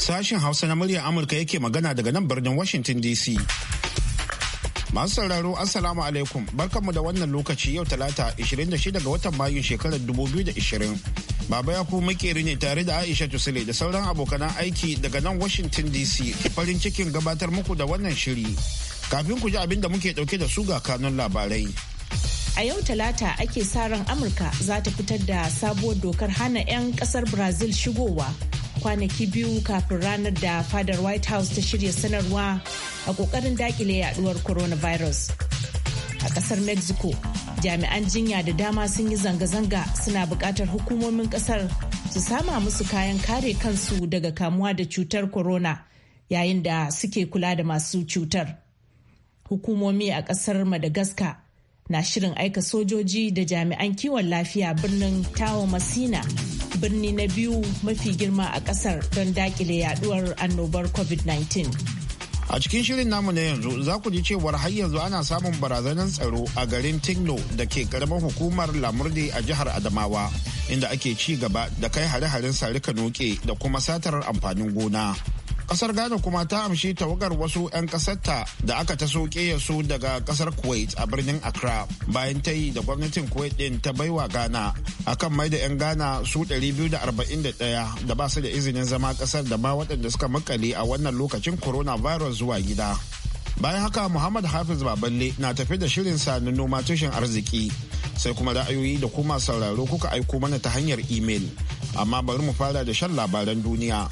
Sashen Hausa na muryar Amurka yake magana daga nan birnin Washington DC. Masu sauraro Assalamu alaikum barkanmu da wannan lokaci yau talata 26 ga watan Mayu shekarar 2020. Baba ya kuma makeri ne tare da Aisha Tusile da sauran abokanan aiki daga nan Washington DC farin cikin gabatar muku da wannan shiri. Kafin ku ji abin da muke dauke da su ga kanun labarai. A yau talata ake sa ran Amurka za ta fitar da sabuwar dokar hana 'yan kasar Brazil shigowa kwanaki biyu kafin ranar da fadar white house ta shirya sanarwa a kokarin dakile yaduwar coronavirus a kasar mexico jami'an jinya da dama sun yi zanga-zanga suna buƙatar hukumomin kasar su sama musu kayan kare kansu daga kamuwa da cutar corona yayin da suke kula da masu cutar hukumomi a kasar madagascar na shirin aika sojoji da jami'an kiwon lafiya birnin tawo masina birni na biyu mafi girma a kasar don dakile yaduwar annobar covid-19 a cikin shirin namu na yanzu za ku ji cewar har yanzu ana samun barazanar tsaro a garin tigno da ke karamar hukumar lamurde a jihar adamawa inda ake ci gaba da kai hare-haren sarika noke da kuma satar amfanin gona kasar ghana kuma ta amshi tawagar wasu 'yan kasarta da aka ta soke su daga kasar kuwait a birnin accra bayan ta yi da gwamnatin kuwait din ta baiwa ghana akan mai da 'yan ghana su 241 da ba su da izinin zama kasar da ma waɗanda suka makale a wannan lokacin coronavirus zuwa gida bayan haka muhammad hafiz baballe na tafi da shirin sa na noma tushen arziki sai kuma ra'ayoyi da kuma sauraro kuka aiko mana ta hanyar imel amma bari mu fara da shan labaran duniya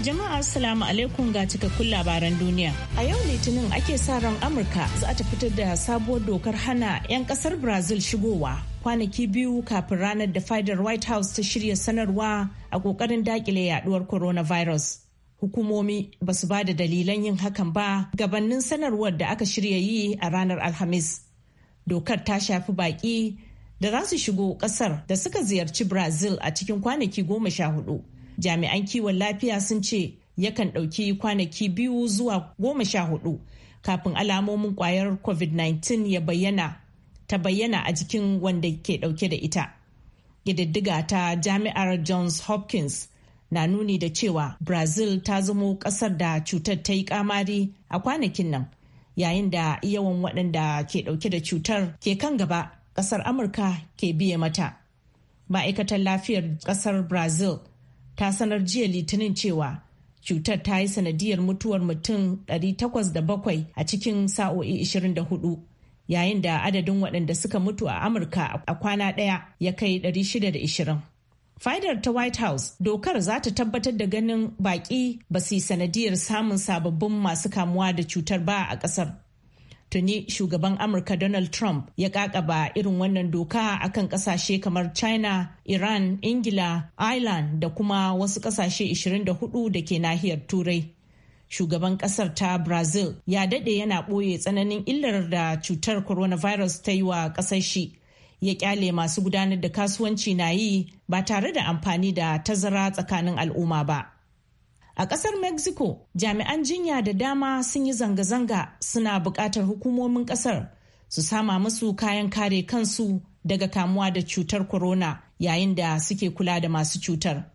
Jama'a Assalamu alaikum ga cikakkun labaran duniya. A yau Litinin ake sa ran Amurka za ta fitar da sabuwar dokar hana 'yan kasar Brazil shigowa kwanaki biyu kafin ranar da fadar White House ta shirya sanarwa a kokarin dakile yaduwar coronavirus. Hukumomi ba su ba da dalilan yin hakan ba gabanin sanarwar da aka shirya yi a ranar Alhamis. Dokar ta shafi baƙi da za su shigo ƙasar da suka ziyarci Brazil a cikin kwanaki goma sha hudu. jami'an kiwon lafiya sun ce yakan ɗauki kwanaki biyu zuwa goma sha hudu kafin alamomin kwayar covid-19 ya bayyana ta bayyana a jikin wanda ke ɗauke da ita ƙididdiga ta jami'ar johns hopkins na nuni da cewa brazil ta zamo ƙasar da cutar ta yi kamari a kwanakin nan yayin da yawan waɗanda ke ɗauke da cutar ke kan gaba ƙasar amurka ke biye mata ma'aikatar lafiyar ƙasar brazil ta sanar jiya litinin cewa cutar ta yi sanadiyar mutuwar mutum 807 a cikin sa'o'i 24 yayin da adadin waɗanda suka mutu a amurka a kwana ɗaya ya kai 620 Faidar ta white house dokar za ta tabbatar da ganin baƙi ba su yi sanadiyar samun sababbin masu kamuwa da cutar ba a ƙasar tuni shugaban amurka donald trump ya kakaba irin wannan doka akan kasashe kamar china iran ingila ireland da kuma wasu kasashe 24 da ke nahiyar turai shugaban kasar ta brazil ya dade yana ɓoye tsananin illar da cutar coronavirus ta yi wa shi ya kyale masu gudanar da kasuwanci na yi ba tare da amfani da tazara tsakanin al'umma ba A ƙasar Mexico, jami'an jinya da dama sun yi zanga-zanga suna buƙatar hukumomin ƙasar su sama musu kayan kare kansu daga kamuwa da cutar corona yayin da suke kula da masu cutar.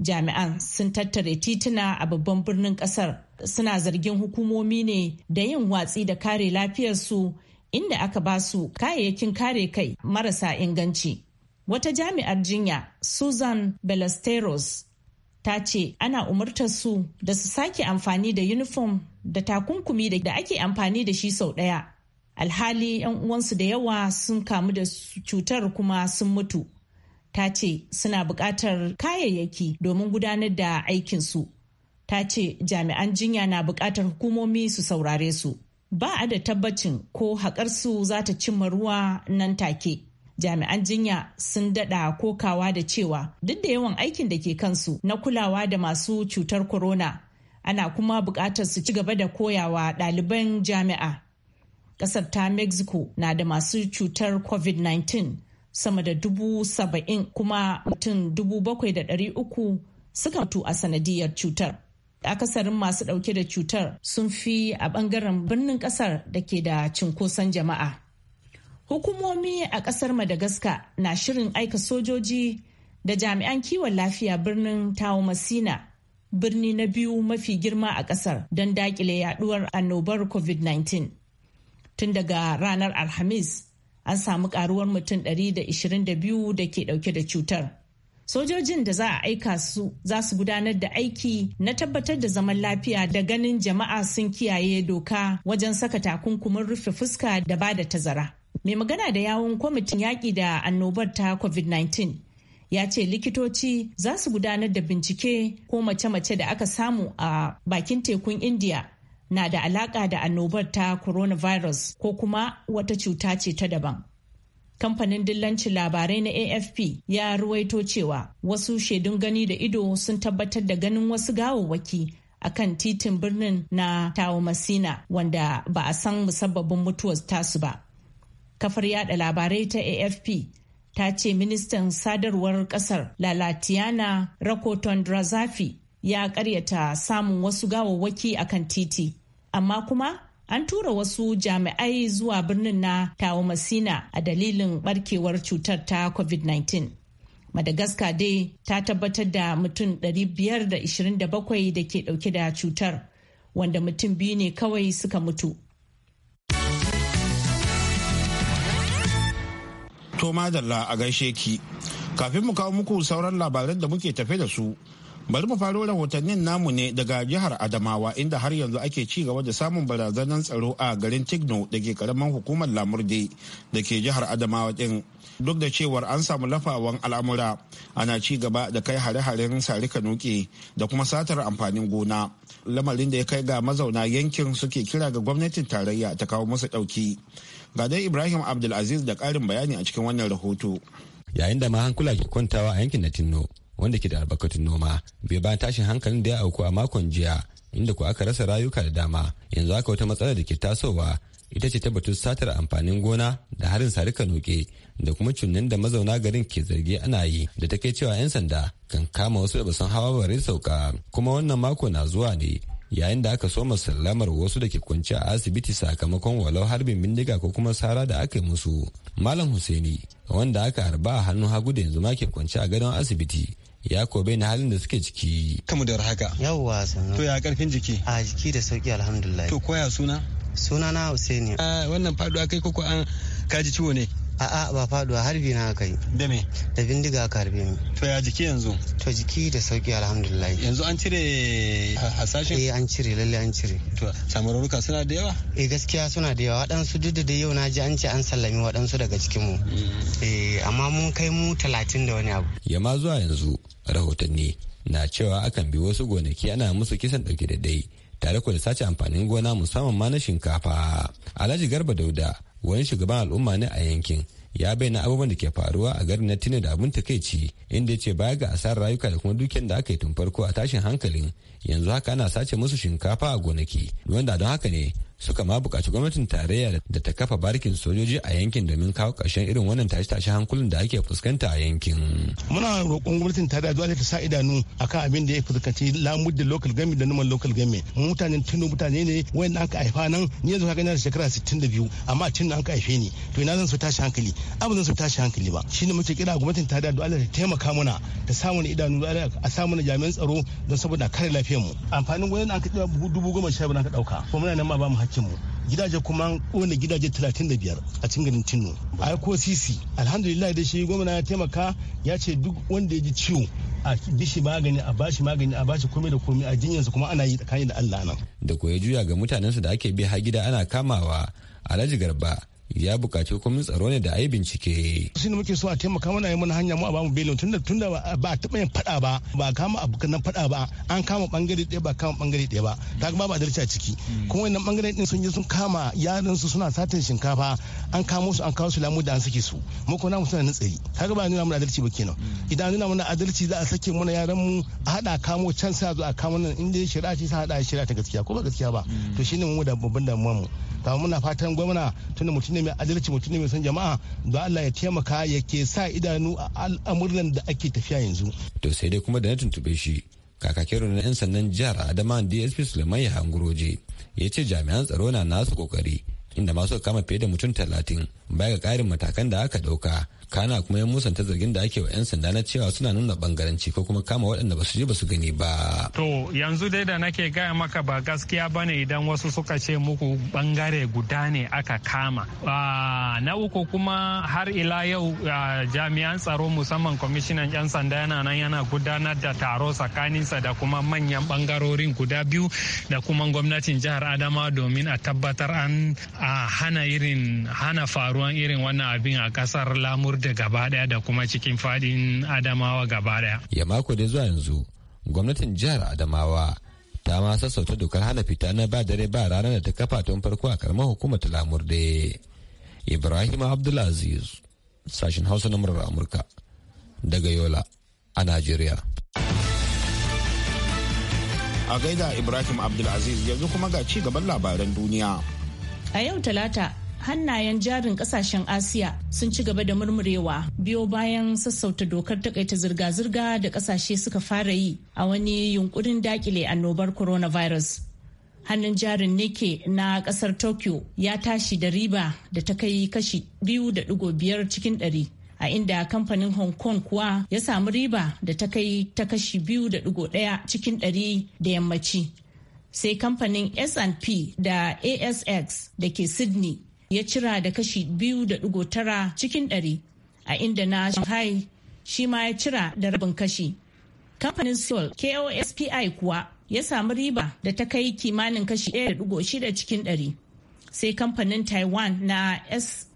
Jami'an sun tattare tituna a babban birnin ƙasar suna zargin hukumomi ne da yin watsi da kare lafiyarsu inda aka ba su kayayyakin kare kai marasa inganci. Wata jami'ar jinya, Susan Belasteros, ta ce ana umartar su da su sake amfani da uniform da takunkumi da ake amfani da shi sau ɗaya. Alhali 'yan uwansu da yawa sun kamu da cutar kuma sun mutu. Ta ce suna buƙatar kayayyaki domin gudanar da aikinsu. Ta ce jami'an jinya na buƙatar hukumomi su saurare su. Ba a da tabbacin ko haƙarsu za ta cimma ruwa nan take. jami'an jinya sun dada kokawa da cewa duk da yawan aikin da ke kansu na kulawa da masu cutar corona ana kuma buƙatar su ci gaba da koyawa ɗaliban jami'a ƙasar ta mexico na da masu cutar covid-19 sama da dubu saba'in kuma mutum dubu bakwai da ɗari uku suka mutu a sanadiyar cutar akasarin masu ɗauke da cutar sun fi a ɓangaren birnin ƙasar da ke da cinkoson jama'a Hukumomi a ƙasar Madagascar na shirin aika sojoji da jami'an kiwon lafiya birnin masina birni na biyu mafi girma a ƙasar don daƙile yaduwar annobar COVID-19. Tun daga ranar Alhamis, an samu karuwar mutum 122 da ke dauke da cutar. Sojojin da za a aika su za su gudanar da aiki na tabbatar da zaman lafiya da ganin jama'a sun kiyaye doka wajen saka takunkumin rufe fuska da ba da tazara. mai magana da yawun kwamitin yaƙi da annobar ta covid-19 ya ce likitoci za su gudanar da bincike ko mace-mace da aka samu a bakin tekun Indiya na da alaƙa da annobar ta coronavirus ko kuma wata cuta ce ta daban kamfanin dillancin labarai na afp ya ruwaito cewa wasu shaidun gani da ido sun tabbatar da ganin wasu gawawwaki a kan titin birnin na masina wanda ba a san musabbabin mutuwar tasu ba kafar yada labarai ta afp ta ce ministan sadarwar kasar lalatiana drazafi ya karyata samun wasu gawawwaki a kan titi amma kuma an tura wasu jami'ai zuwa birnin na tawamasina a dalilin barkewar cutar ta covid-19 madagascar dai ta tabbatar da mutum 527 da ke dauke da cutar wanda mutum biyu ne kawai suka mutu To madalla a gaishe ki. Kafin mu kawo muku sauran labaran da muke tafe da su, bari mu faro rahotannin namu ne daga jihar Adamawa inda har yanzu ake ci gaba da samun barazanar tsaro a garin Tigno da ke karamin hukumar Lamurde da ke jihar Adamawa din. Duk da cewar an samu lafawan al'amura ana ci gaba da kai hare-haren sarika nuke da kuma satar amfanin gona. Lamarin da ya kai ga mazauna yankin suke kira ga gwamnatin tarayya ta kawo musu ɗauki. Ga dai Ibrahim Abdulaziz da karin bayani a cikin wannan rahoto. Yayin da ma hankula ke kwantawa a yankin na Tinno wanda ke da albarkatun noma bai bayan tashin hankalin da ya auku a makon jiya inda ku aka rasa rayuka da dama yanzu haka wata matsala da ke tasowa ita ce tabbatar batun satar amfanin gona da harin sarika noke da kuma cunnin da mazauna garin ke zargi ana yi da ta kai cewa 'yan sanda kan kama wasu da basan hawa bare sauka kuma wannan mako na zuwa ne yayin da aka soma sallamar wasu da ke kwanci a asibiti sakamakon walau harbin bindiga ko kuma sara da aka yi musu malam husaini wanda aka harba a hannun hagu da yanzu ma ke kwanci a gadon asibiti ya kobe na halin da suke ciki kamu da haka yawwa sannan to ya karfin jiki a jiki da sauki alhamdulillah to koya suna suna na husaini wannan faduwa kai koko an kaji ciwo ne a'a ba faduwa harbi na aka yi da me da bindiga aka harbe ni to ya jiki yanzu to jiki da sauki alhamdulillah yanzu an cire hasashen eh an cire lalle an cire to samarurruka suna da yawa eh gaskiya suna da yawa waɗansu duk da yau na ji an ce an sallami waɗansu daga cikin mu mm. eh amma mun kai mu talatin da wani abu yamma zuwa yanzu rahotanni na cewa akan bi wasu gonaki ana musu kisan ɗauke da dai tare da sace amfanin gona musamman ma na shinkafa alhaji garba dauda wani shugaban al'umma ne a yankin ya bayyana abubuwan da ke faruwa a garin na tina da abin takaici inda ya ce baya ga asarar rayuka da kuma dukiyar da aka yi tun farko a tashin hankalin yanzu haka ana sace musu shinkafa a gonaki wanda don haka ne suka ma buƙaci gwamnatin tarayya da ta kafa barkin sojoji a yankin domin kawo ƙarshen irin wannan tashe-tashe hankulin da ake fuskanta a yankin. Muna roƙon gwamnatin tarayya dole ta sa idanu akan abin da ya fuskanci lamud da local gami da numan local gami. Mutanen tunu mutane ne wayan aka haifa nan ni yanzu kaga ina da shekara 62 amma tun an ka haife ni to ina zan su tashi hankali abu zan su tashi hankali ba shine muke kira gwamnatin tarayya da ta taimaka mana ta samu ni idanu a samu na jami'an tsaro don saboda kare lafiyar mu. Amfanin gwamnatin an ka dubu goma sha an ka ɗauka. Kuma muna nan ma ba mu mu gidaje kuma kone gidaje 35 a cikin garin tino a ko sisi alhamdulillah da shi gwamna ya taimaka ya ce duk wanda ya ji ciwo a bishi magani a bashi magani a bashi komai da komai a jinyarsa kuma ana yi tsakani da allah nan da koya juya ga mutanen mutanensu da ake bi har gida ana kamawa alhaji garba ya bukaci hukumin tsaro ne da a yi bincike. Shi ne muke so a taimaka mana yi mana hanya mu a bamu belin tunda tunda ba a taɓa yin faɗa ba ba a kama abokan nan faɗa ba an kama bangare ɗaya ba kama bangare ɗaya ba ta ba ba adalci a ciki hmm. kuma wannan bangare ɗin sun je sun kama yaran su suna satin shinkafa an kamo su an kawo su lamu da an sake su mu ko mu suna nan tsaye kaga ba nuna mana adalci ba kenan hmm. idan nuna mana adalci za a sake mana yaran mu a haɗa kamo can sai a zo a kamo nan inda shari'a ce sa haɗa shari'a ta gaskiya ko ba gaskiya ba hmm. to shi ne mu da babban damuwa mu ta muna fatan gwamna tunda mutum ne mai adalci mutum ne mai son jama'a don Allah ya taimaka ya ke sa idanu a al'amuran da ake tafiya yanzu. To sai dai kuma da na tuntube shi kakakin na 'yan sandan jihar Adama DSP Suleiman ya hanguroje ya ce jami'an tsaro na nasu kokari inda masu kama fiye da mutum talatin baya ga karin matakan da aka dauka kana kuma yan musanta zargin da ake wa 'yan sanda na cewa suna nuna bangaranci ko kuma kama waɗanda ba su je ba su gani ba. To yanzu dai da nake gaya maka ba gaskiya ba ne idan wasu suka ce muku bangare guda ne aka kama. Na uku kuma har ila yau jami'an tsaro musamman kwamishinan 'yan sanda yana nan yana gudanar da taro tsakaninsa da kuma manyan bangarorin guda biyu da kuma gwamnatin jihar Adama domin a tabbatar an hana irin hana faruwan irin wannan abin a kasar lamur da gaba daya da kuma cikin fadin adamawa gaba daya ya mako da zuwa yanzu gwamnatin jihar adamawa ta ma sassauta dokar hana fita na ba dare ba ranar da ta kafa tun farko a karamar hukumar lamurde ibrahim abdulaziz sashen hausa na murar amurka daga yola a najeriya a gaida ibrahim abdulaziz yanzu kuma ga ci gaban labaran duniya a yau talata hannayen jarin kasashen asiya sun ci gaba da murmurewa biyo bayan sassauta dokar takaita zirga-zirga da kasashe suka fara yi a wani yunkurin dakile annobar coronavirus hannun jarin nike na kasar tokyo ya tashi da riba da ta kai kashi 2.5 cikin ɗari. a inda kamfanin hong kong kuwa ya samu riba da ta kai ta kashi 2.1 cikin 100 da yammaci sai kamfanin S&P da asx da ke sydney ya cira da kashi biyu da digo tara cikin ɗari a inda na shanghai shi ma ya cira da rabin kashi kamfanin seoul kospi kuwa ya samu riba da ta kai kimanin kashi 1.6 cikin ɗari. sai kamfanin taiwan na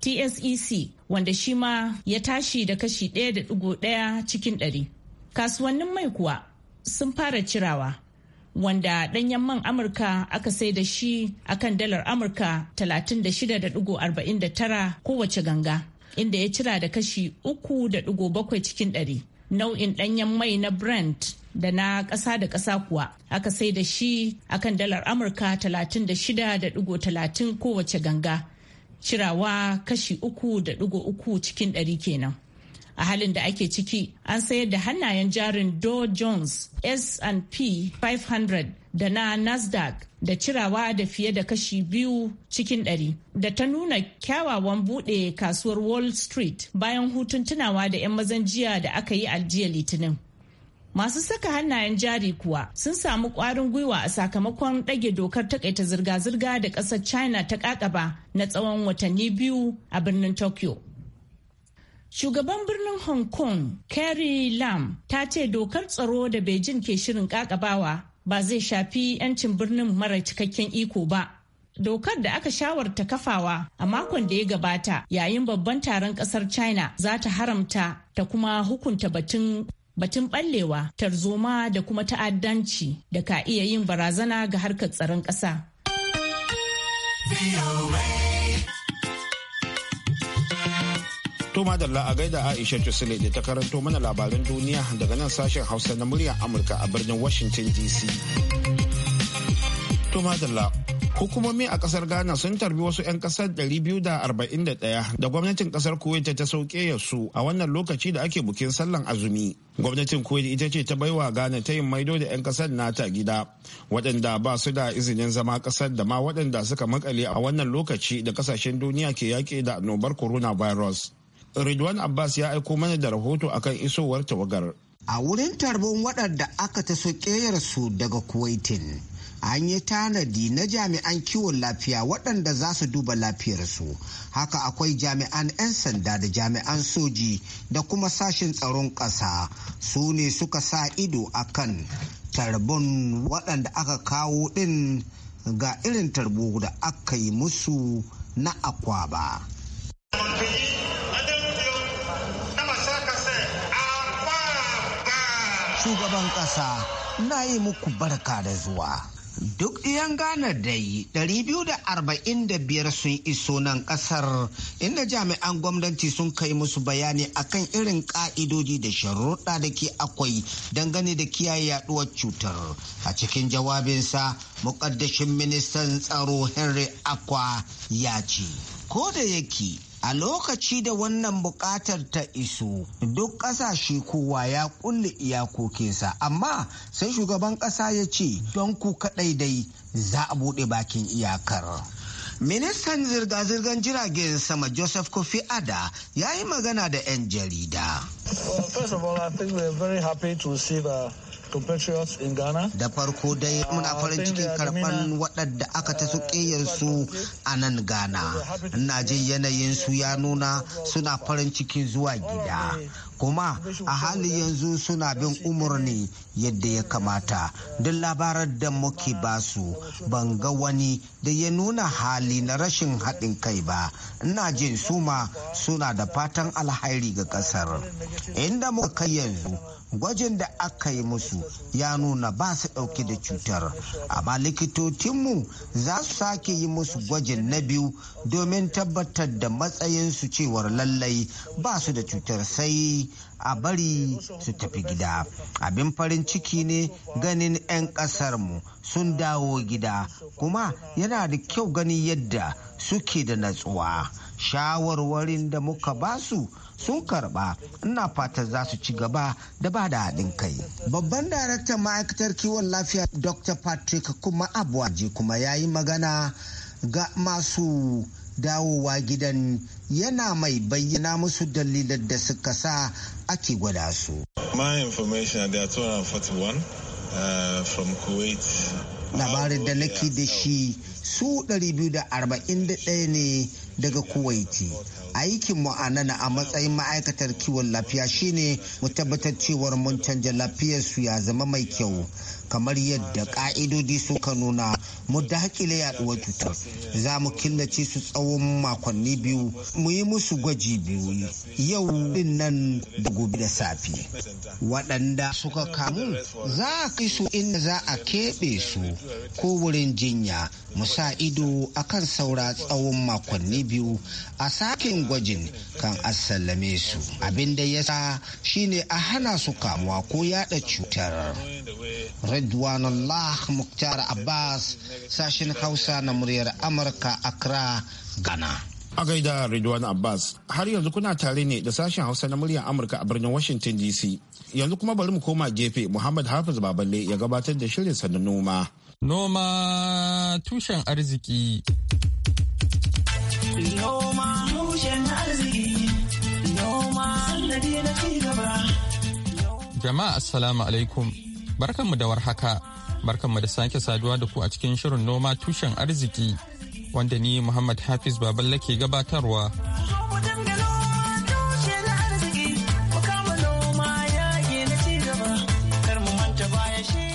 tsec wanda shi ma ya tashi da kashi 1.1 cikin ɗari. kasuwannin mai kuwa sun fara cirawa wanda ɗanyen man Amurka aka sai da shi akan dalar Amurka 36.49 kowace ganga, inda ya cira da kashi 3.7 cikin ɗari. Nau'in ɗanyen mai na Brent da na ƙasa da ƙasa kuwa aka sai da shi akan dalar Amurka 36.30 kowace ganga, cirawa kashi 3.3 cikin ɗari kenan. a halin da ake ciki an sayar da hannayen jarin Dow Jones S&P 500 da na Nasdaq da cirawa da fiye da kashi biyu cikin ɗari da ta nuna kyawawan buɗe kasuwar Wall Street bayan hutun tunawa da 'yan mazan jiya da aka yi aljiya Litinin. Masu saka hannayen jari kuwa sun samu ƙwarin gwiwa a sakamakon ɗage dokar takaita zirga-zirga da ƙasar China ta ƙaƙaba na tsawon watanni biyu a birnin Tokyo. Shugaban birnin Hong Kong, Carrie Lam, ta ce dokar tsaro da Beijing ke shirin kakabawa ba zai shafi 'yancin birnin mara cikakken iko ba. Dokar da aka shawarta kafawa a makon da ya gabata yayin babban taron kasar China za ta haramta ta kuma hukunta batun batun ɓallewa, tarzoma da kuma ta'addanci da ka iya yin barazana ga harkar tsaron ƙasa. To a gaida Aisha Tusile da ta karanto mana labaran duniya daga nan sashen Hausa na muryar Amurka a birnin Washington DC. To Hukumomi a kasar Ghana sun tarbi wasu 'yan kasar 241 da gwamnatin kasar Kuwait ta sauke su a wannan lokaci da ake bukin sallan azumi. Gwamnatin Kuwait ita ce ta baiwa Ghana ta yin maido da 'yan kasar nata gida waɗanda ba su da izinin zama kasar da ma waɗanda suka makale a wannan lokaci da kasashen duniya ke yaƙi da annobar coronavirus. Ridwan Abbas ya aiko mana da rahoto akan isowar tawagar. A wurin tarbon waɗanda aka taso su daga Kuwaitin, an yi tanadi na jami'an kiwon lafiya waɗanda za su duba lafiyarsu. Haka akwai jami'an 'yan sanda da jami'an soji da kuma sashen tsaron ƙasa su ne suka sa ido akan tarbon waɗanda aka kawo ɗin ga irin tarbo da aka yi musu na akwaba. shugaban ƙasa na yi muku barka da zuwa. Duk ɗiyan Ghana dai biyar sun iso nan ƙasar inda jami'an gwamnati sun kai musu bayani akan irin ƙa'idodi da sharuɗa da ke akwai dangane da kiyaye yaɗuwar cutar. A cikin jawabinsa, muƙaddashin ministan tsaro Henry Akwa ya ce, Ko da yake A lokaci da wannan buƙatar ta iso, duk ƙasashe kowa ya kulle iyakokinsa, amma sai shugaban ƙasa ya ce don ku kaɗai dai za a buɗe bakin iyakar. Ministan zirga-zirgar jiragen sama Joseph Kofi Ada ya yi magana da 'yan jarida. Well, compatriots in Ghana. Da farko dai muna uh, farin cikin karɓan waɗanda aka ta ƙeyarsu uh, a nan Ghana. Ina jin yanayin su ya nuna suna farin cikin zuwa gida. Kuma a hali yanzu suna bin umarni yadda ya kamata. Duk labarar da muke ba su ban ga wani da ya nuna hali na rashin haɗin kai ba. Ina jin su ma suna da fatan alhairi ga ƙasar. Inda muka kai yanzu gwajin da aka yi musu ya nuna ba su ɗauke da cutar amma likitocinmu za su sake yi musu gwajin na biyu domin tabbatar da matsayinsu cewar lallai ba su da cutar sai a bari su tafi gida abin farin ciki ne ganin 'yan mu sun dawo gida kuma yana da kyau ganin yadda suke da natsuwa shawarwarin da muka basu sun karba ina fatan za su ci gaba da ba da haɗin kai babban daraktan ma'aikatar kiwon lafiya dr patrick kuma abuwaji kuma ya yi magana ga masu dawowa gidan yana mai bayyana musu dalilan da suka sa ake gwada su. My information, are 241 uh, from Kuwait labarin da nake da shi su 241 ne daga kuwaiti aikin mu a matsayin ma'aikatar kiwon lafiya shine mu tabbatar cewar mun canja lafiyarsu ya zama mai kyau kamar yadda ka'idodi suka nuna mu ya yaduwar cutar za mu killace su tsawon makonni biyu mu yi musu gwaji biyu yau din nan da gobe da safe waɗanda suka kamu za a kai su inda za a keɓe su ko wurin jinya mu sa ido akan saura tsawon makonni biyu a sakin gwajin kan a su abin da ya sa shine a hana su kamuwa ko yada cutar Allah Mukhtar Abbas sashen Hausa na muryar Amurka Accra, Ghana. A gaida Ridwan Abbas, har yanzu kuna tare ne da sashen Hausa na muryar Amurka a birnin Washington DC. Yanzu kuma bari mu koma gefe Muhammad Hafiz Baballe ya gabatar da shirinsa na noma. Noma tushen arziki. Jama'a assalamu alaikum. barkanmu da warhaka, barkanmu da sake saduwa da ku a cikin shirin noma tushen arziki wanda ni Muhammad Hafiz Baballa ke gabatarwa.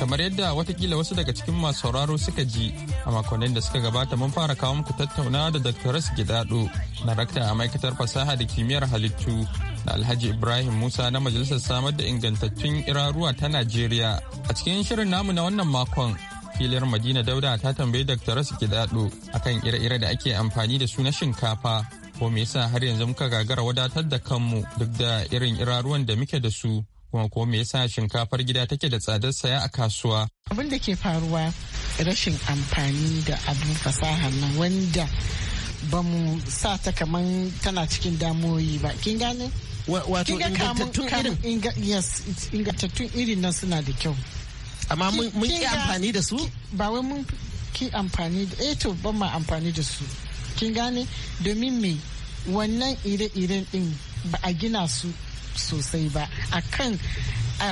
kamar yadda watakila wasu daga cikin masu sauraro suka ji a makonnin da suka gabata mun fara kawo muku tattauna da dr gidado na rakta a ma'aikatar fasaha da kimiyyar halittu da alhaji ibrahim musa na majalisar samar da ingantattun iraruwa ta najeriya a cikin shirin namu na wannan makon filiyar madina dauda ta tambayi dr gidado akan ire-ire da ake amfani da su na shinkafa ko me yasa har yanzu muka gagara wadatar da kanmu duk da irin iraruwan da muke da su kuma ko me yasa shinkafar gida take da tsadar saya a kasuwa abin da ke faruwa rashin amfani da abin fasahar nan wanda ba mu sa ta kaman tana cikin damoyi ba kin gane wato ingantattun irin yes ingantattun irin nan suna da kyau amma mun ki amfani da su ba wai mun ki amfani da eh to ban ma amfani da su kin gane domin me wannan ire-iren din ba a gina su sosai ba akan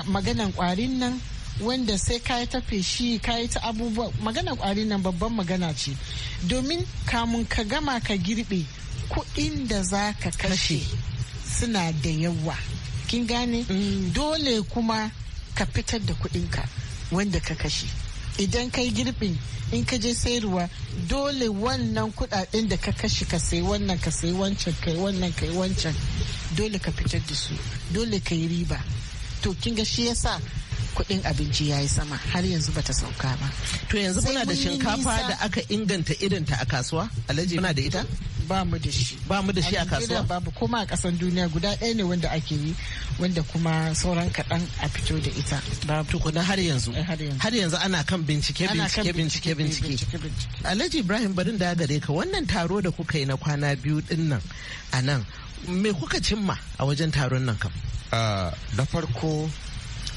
maganan kwarin nan wanda sai ka yi ta feshi ka yi ta abubuwa magana kwari nan babban magana ce domin kamun ka gama ka girbe kuɗin da za ka kashe suna da yawa kin gane mm. dole kuma ka fitar da kuɗinka wanda ka kashe idan kai girbin in ka je sayarwa dole wannan kuɗaɗen da ka kashe ka sayi wannan ka sayi wancan ka yi wannan ka yi wancan dole ka fitar da su dole ka yi riba to kin ga shi yasa kuɗin abinci ya yi sama har yanzu bata sauka ba to yanzu muna da shinkafa da aka inganta irinta a kasuwa alhaji muna da ita ba mu da shi ba mu da shi a kasuwa babu kuma a kasan duniya guda ɗaya ne wanda ake yi wanda kuma sauran kaɗan a fito da ita babu tukuna eh, har yanzu har yanzu ana kan bincike bincike bincike bincike alhaji ibrahim barin da gare ka wannan taro da kuka yi na kwana biyu din nan a nan me kuka cimma a wajen taron nan kam ah, da farko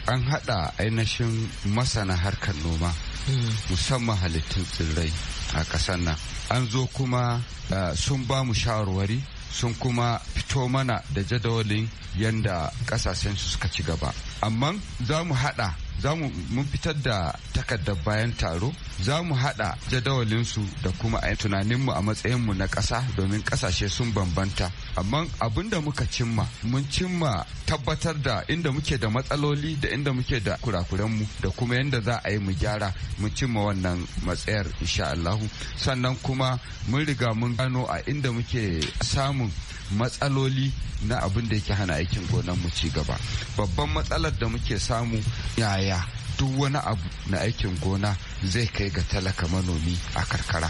an haɗa ainihin masana harkar noma hmm. musamman halittun tsirrai a ƙasar nan an zo kuma ah, sun ba mu shawarwari sun kuma fito mana da jadawalin yadda ƙasashen su suka ci gaba amma za mu haɗa za mu mun fitar da takardar bayan taro za mu haɗa jadawalinsu da kuma a tunaninmu a matsayinmu na ƙasa domin ƙasashe sun bambanta amma abin da muka cimma mun cimma tabbatar da inda muke da matsaloli da inda muke da kurakurenmu da kuma yadda za a yi mu gyara mun cimma wannan matsayar insha sannan kuma mun riga mun gano a inda muke samun matsaloli na abin da yake hana aikin gonan mu ci gaba babban matsalar da muke samu yaya duk wani abu na aikin gona zai kai ga talaka manomi a karkara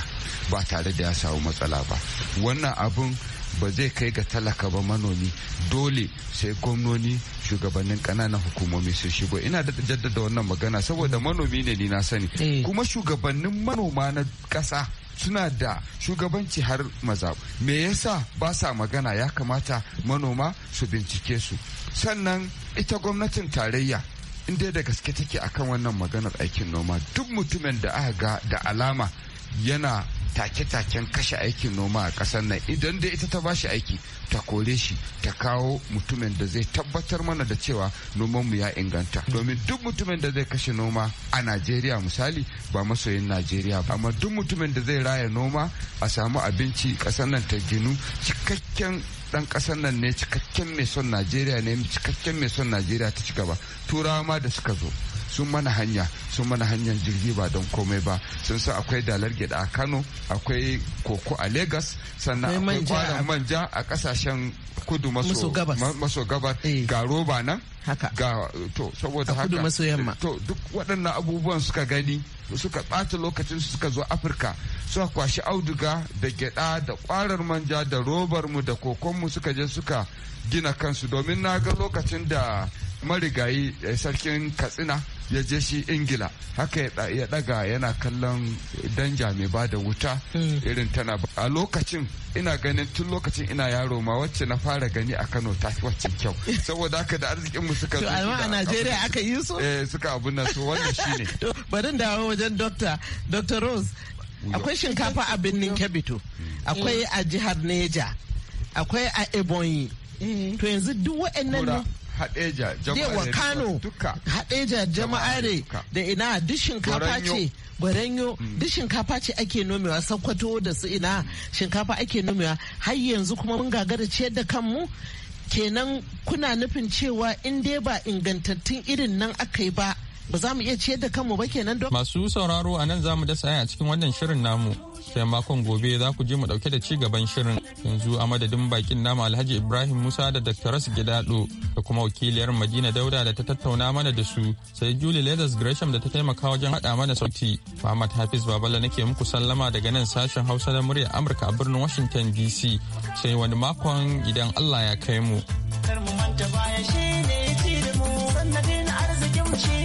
ba tare da ya samu matsala ba wannan abun ba zai kai ga talaka ba manomi dole sai gwamnoni shugabannin kananan hukumomi sun shigo ina da jaddada wannan magana saboda manomi ne ni na sani eh. kuma shugabannin manoma na ƙasa suna da shugabanci har maza me yasa ba sa magana ya kamata manoma su bincike su sannan ita gwamnatin tarayya inda da gaske take akan wannan maganar aikin noma duk mutumin da aka ga da alama yana take-taken kashe aikin noma a ƙasar nan idan dai ita ta bashi aiki ta kore shi ta kawo mutumin da zai tabbatar mana da cewa mu ya inganta domin duk mutumin da zai kashe noma a najeriya misali ba masoyin najeriya ba amma duk mutumin da zai raya noma a samu abinci ƙasar nan ta ginu cikakken dan kasan nan ne cikakken mai son najeriya ne cikakken mai son najeriya ta ci gaba turawa ma da suka zo sun mana hanya sun mana hanyar jirgi ba don komai ba sun sa akwai dalar gida a kano akwai koko a lagos sannan akwai kwanan manja a kasashen kudu maso gabas eh. ga roba nan ga to saboda haka to duk waɗannan abubuwan suka gani suka ɓata lokacin suka zo afirka suka kwashi auduga da gyaɗa da kwarar manja da robar mu da kokonmu suka je suka gina kansu domin na ga lokacin da marigayi eh, sarkin katsina ya je shi ingila haka ya daga yana kallon danja mai ba da wuta mm. irin tana a lokacin ina ganin tun lokacin ina yaro ma wacce na fara gani a kano ta fi wacce kyau saboda haka da arzikin mu suka zuwa a najeriya aka yi su eh suka abun nan so wannan shine bari dawo wajen doctor dr rose akwai shinkafa a birnin kebito mm. akwai eh. a jihar neja akwai a ebonyi eh. to yanzu duk waɗannan hadeja ne kano hadeja ne da ina duk shinkafa ce gwaranyo mm. duk shinkafa ce ake nomewa sakwato da su ina mm. shinkafa ake nomewa har yanzu kuma mun gagara ciyar da kanmu kenan kuna nufin cewa in dai ba ingantattun irin nan aka yi ba ba za mu iya ciyar da kanmu ba kenan don masu sauraro a nan za mu dasa a cikin wannan shirin namu sai makon gobe za ku je mu dauke da ci gaban shirin yanzu a madadin bakin nama alhaji ibrahim musa da dr gidado da kuma wakiliyar madina dauda da ta tattauna mana da su sai julie leathers gresham da ta taimaka wajen hada mana sauti muhammad hafiz babala nake muku sallama daga nan sashen hausa na muryar amurka a birnin washington dc sai wani makon idan allah ya kai mu. Kar mu manta baya shi ne ci da mu arzikin mu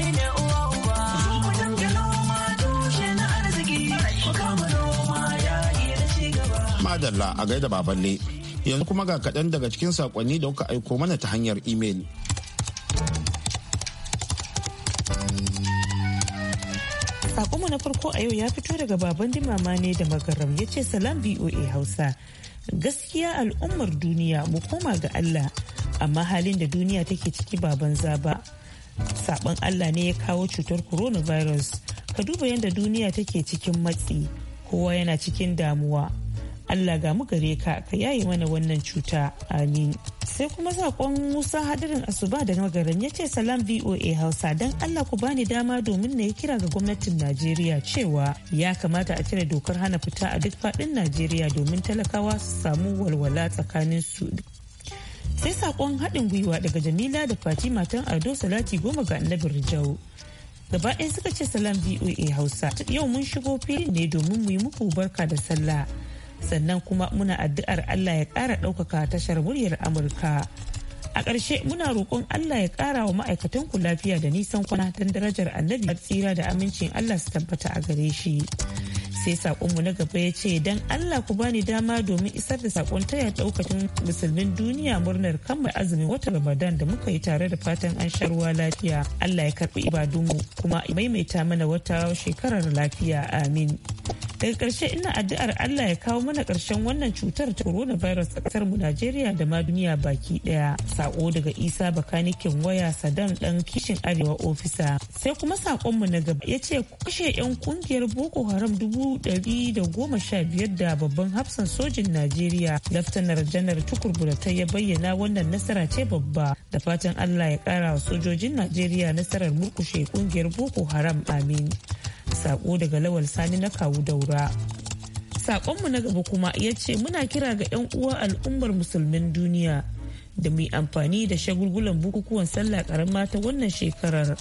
madalla a gaida baballe yanzu kuma ga kaɗan daga cikin sakonni da kuka aiko mana ta hanyar imel. Sakonmu na farko a yau ya fito daga baban dimama ne da magaram ya ce salam BOA Hausa. Gaskiya al'ummar duniya mu koma ga Allah amma halin da duniya take ciki baban zaba. Sabon Allah ne ya kawo cutar coronavirus. Ka duba yadda duniya take cikin matsi. Kowa yana cikin damuwa Allah ga mu gare ka ka yaye mana wannan cuta amin sai kuma sakon musa hadirin asuba da magaran ya ce salam voa hausa don allah ku bani dama domin na yi kira ga gwamnatin najeriya cewa ya kamata a cire dokar hana fita a duk fadin najeriya domin talakawa su samu walwala tsakanin su sai sakon haɗin gwiwa daga jamila da fati matan ado salati goma ga annabin rijau gaba ɗaya suka ce salam voa hausa yau mun shigo filin ne domin mu yi muku barka da sallah sannan kuma muna addu'ar Allah ya ƙara ɗaukaka tashar muryar Amurka. A ƙarshe muna roƙon Allah ya ƙara wa ma'aikatan ku lafiya da nisan kwana don darajar annabi tsira da amincin Allah su tabbata a gare shi. sai sakonmu na gaba ya ce don allah ku bani dama domin isar da sakon taya daukacin musulmin duniya murnar kan mai azumin watan ramadan da muka yi tare da fatan an sha ruwa lafiya allah ya karbi ibadunmu kuma maimaita mana wata shekarar lafiya amin daga ƙarshe ina addu'ar allah ya kawo mana ƙarshen wannan cutar ta coronavirus a ƙasar mu najeriya da ma duniya baki ɗaya sako daga isa bakanikin waya sadan dan kishin arewa ofisa sai kuma sakonmu na gaba ya ce kashe 'yan kungiyar boko haram dubu 115 da babban hafsan sojin Najeriya Laftanar Janar Tukur ta ya bayyana wannan nasara ce babba da fatan Allah ya kara wa sojojin Najeriya nasarar murkushe kungiyar Boko Haram amin. Sako daga Lawal Sani na kawu daura. Sakonmu na gaba kuma ya ce muna kira ga 'yan uwa al'ummar musulmin duniya da muyi amfani da shagulgulan bukukuwan sallah karama ta wannan shekarar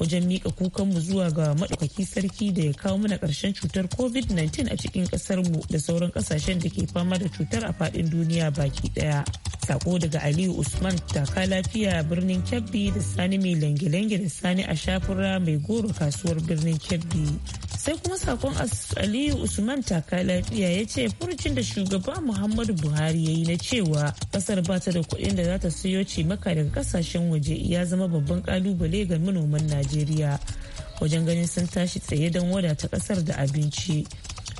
wajen mika kukanmu zuwa ga maɗaukaki sarki da ya kawo mana ƙarshen cutar covid-19 a cikin ƙasarmu da sauran ƙasashen da ke fama da cutar a faɗin duniya baki ɗaya. Sako daga Aliyu Usman taka lafiya birnin Kebbi da Sani mai lange da Sani a shafura mai goro kasuwar birnin Kebbi. Sai kuma sakon Aliyu Usman taka lafiya ya ce furucin da shugaba Muhammadu Buhari ya yi na cewa kasar ba ta da kuɗin da za ta siyo maka daga ƙasashen waje ya zama babban kalubale ga manoman Najeriya. najeriya wajen ganin sun tashi tsaye don wadata kasar da abinci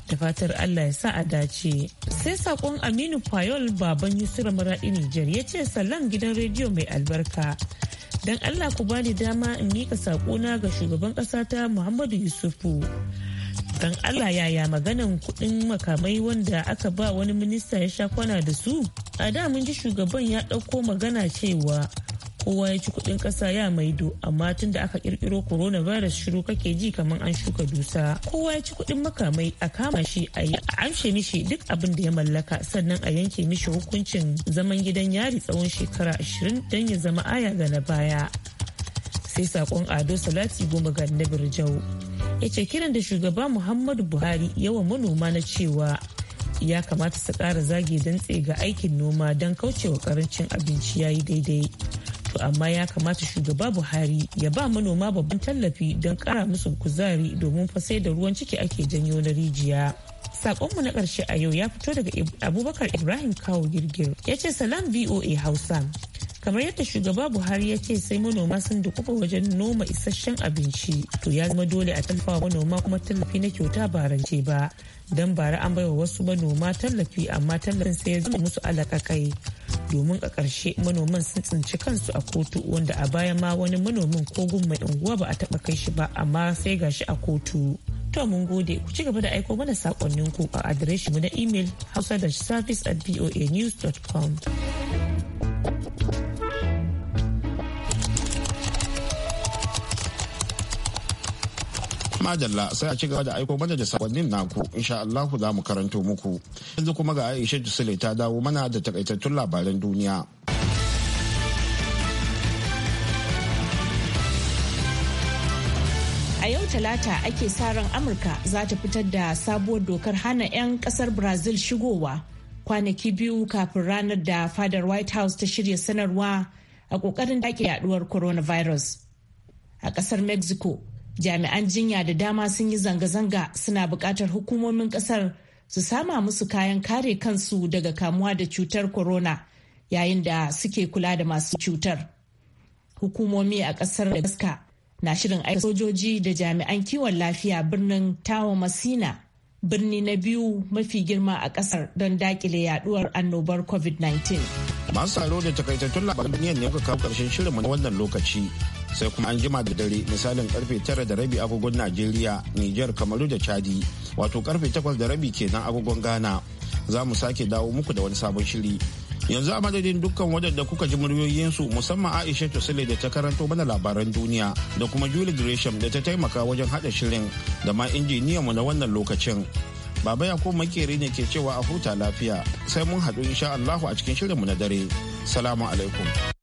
da fatar allah ya sa a dace sai sakon aminu payol baban yusuf maradi nijar ya ce salam gidan rediyo mai albarka don allah ku bani dama in mika sakona ga shugaban kasa ta muhammadu yusufu don Allah yaya maganan kuɗin makamai wanda aka ba wani minista ya sha kwana da su? A da mun ji shugaban ya ɗauko magana cewa kowa ya ci kudin kasa ya maido amma tun da aka corona coronavirus shiru kake ji kamar an shuka dusa kowa ya ci kudin makamai a kama shi a yi a amshe mishi duk abin da ya mallaka sannan a yanke mishi hukuncin zaman gidan yari tsawon shekara ashirin don ya zama aya ga na baya sai sakon ado salati goma ga na birjau ya ce kiran da shugaba muhammadu buhari yawan manoma na cewa ya kamata su kara zage dantse ga aikin noma don kaucewa karancin abinci ya yi daidai su amma ya kamata shugaba buhari ya ba manoma babban tallafi don kara musu kuzari domin fasai da ruwan ciki ake janyo na rijiya Sakonmu na ƙarshe a yau ya fito daga Abubakar Ibrahim Kawo Girgir. Ya ce salam VOA Hausa. Kamar yadda shugaba Buhari ya ce sai manoma sun dukufa wajen noma isasshen abinci. To ya zama dole a tallafawa manoma kuma tallafi na kyauta ba rance ba. Don bara an baiwa wasu manoma tallafi amma tallafin sai ya zama musu kai. domin a ƙarshe manoman sun tsinci kansu a kotu wanda a baya ma wani manomin kogun mai unguwa ba a taɓa kai shi ba amma sai ga shi a kotu. To mun gode ku ci gaba da aiko mana sakonninku a adireshi mu na imel hausa da service at majalla sai a ci gaba da aiko mana da sakonnin naku insha Allah za mu karanto muku. Yanzu kuma ga Aisha Jusule ta dawo mana da takaitattun labaran duniya. A yau Talata ake sa ran Amurka za ta fitar da sabuwar dokar hana 'yan kasar Brazil shigowa kwanaki biyu kafin ranar da fadar White House ta shirya sanarwa a ƙoƙarin dake yaduwar coronavirus. A ƙasar Mexico, jami'an jinya da dama sun yi zanga-zanga suna buƙatar hukumomin ƙasar su sama musu kayan kare kansu daga kamuwa da cutar corona yayin da suke kula da masu cutar hukumomi a ƙasar da na shirin aika sojoji da jami'an kiwon lafiya birnin tawo masina birni na biyu mafi girma a ƙasar don dakile yaduwar annobar covid-19 masu tsaro da takaitattun labaran duniya ne kuka kawo karshen shirin na wannan lokaci sai kuma an jima da dare misalin karfe tara da rabi agogon Najeriya, niger Kamaru da Chadi, wato karfe takwas da rabi kenan agogon Ghana. Za mu sake dawo muku da wani sabon shiri. Yanzu a madadin dukkan wadanda kuka ji muryoyinsu musamman Aisha Tusile da ta karanto mana labaran duniya da kuma Julie Gresham da ta taimaka wajen hada shirin da ma injiniyanmu na wannan lokacin. Baba ya Yakub makeri ne ke cewa a huta lafiya sai mun haɗu insha Allahu a cikin shirinmu na dare. Salamu alaikum.